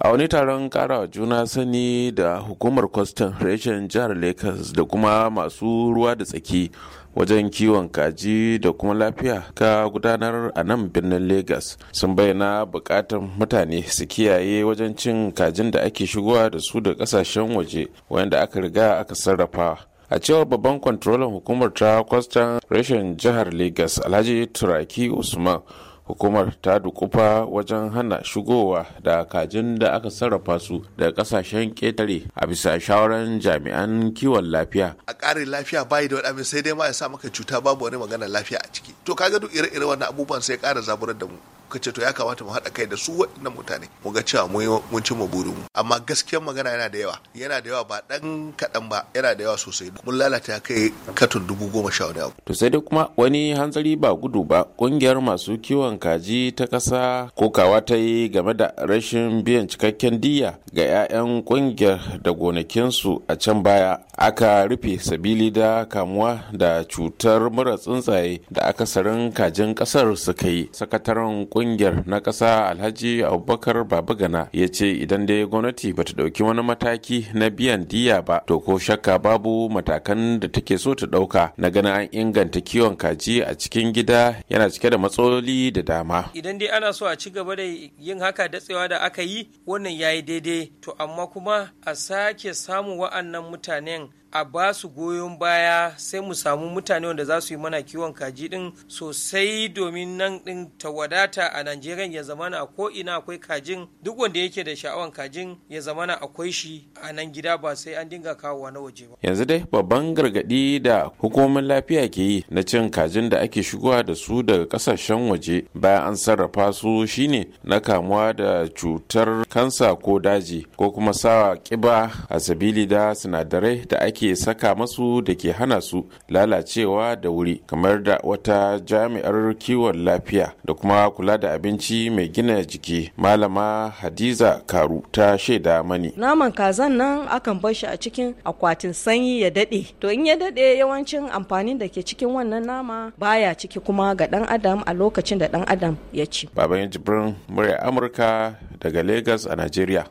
a wani taron kara juna sani da hukumar kwastan reshen jihar lagos da kuma masu ruwa da tsaki wajen kiwon kaji da kuma lafiya ka gudanar a nan birnin lagos sun bayyana bukatar mutane su kiyaye wajen cin kajin da ake shigowa da su da kasashen waje wanda aka riga aka sarrafa a cewar babban kwantarolin hukumar ta kwastan reshen jihar lagos alhaji turaki usman hukumar ta dukufa wajen hana shigowa da kajin da aka sarrafa su da kasashen ketare a bisa shawaran jami'an kiwon lafiya a ƙarin lafiya bayi da wani sai dai ma ya sa maka cuta babu wani magana lafiya a ciki to kaga duk ire-ire wannan abubuwan sai ƙara zaburar da mu kuka ce to ya kamata mu haɗa kai da su waɗannan mutane mu ga cewa mun ci mu burin mu amma gaskiyar magana yana da yawa yana da yawa ba ɗan kaɗan ba yana da yawa sosai mun lalata ya kai katon dubu goma sha wani abu. to sai dai kuma wani hanzari ba gudu ba ƙungiyar masu kiwon kaji ta ƙasa kokawa ta yi game da rashin biyan cikakken diya ga 'ya'yan ƙungiyar da gonakinsu a can baya aka rufe sabili da kamuwa da cutar mura tsuntsaye da akasarin kajin ƙasar suka yi sakataren ƙungiyar kungiyar na ƙasa alhaji abubakar babagana ya ce idan dai gwamnati ba ta ɗauki wani mataki na biyan diya ba to ko shakka babu matakan da take so ta ɗauka na ganin an inganta kiwon kaji a cikin gida yana cike da matsaloli da dama idan dai ana so a ci gaba da yin haka datsewa da aka yi wannan yayi daidai to amma kuma a sake samun wa'annan mutanen a ba su goyon baya sai mu samu mutane wanda za su yi mana kiwon kaji din sosai domin nan din ta wadata a Najeriya ya zamana a ko ina akwai kajin duk wanda yake da sha'awan kajin ya zamana akwai shi a nan gida ba sai an dinga kawowa na waje ba. Yanzu dai babban gargadi da hukumomin lafiya ke yi na cin kajin da ake shigowa da su daga kasashen waje bayan an sarrafa su shine na kamuwa da cutar kansa ko daji ko kuma sawa kiba a sabili da sinadarai da ake ke saka masu da ke hana su lalacewa da wuri kamar da wata jami'ar kiwon lafiya da kuma kula da abinci mai gina jiki malama hadiza karu ta shaida mani naman kazan nan akan bar shi a cikin akwatin sanyi ya dade to in ya dade yawancin amfanin da ke cikin wannan nama baya ciki kuma ga ɗan adam a lokacin da ɗan adam ya ci baban jibrin murya amurka daga lagos a nigeria.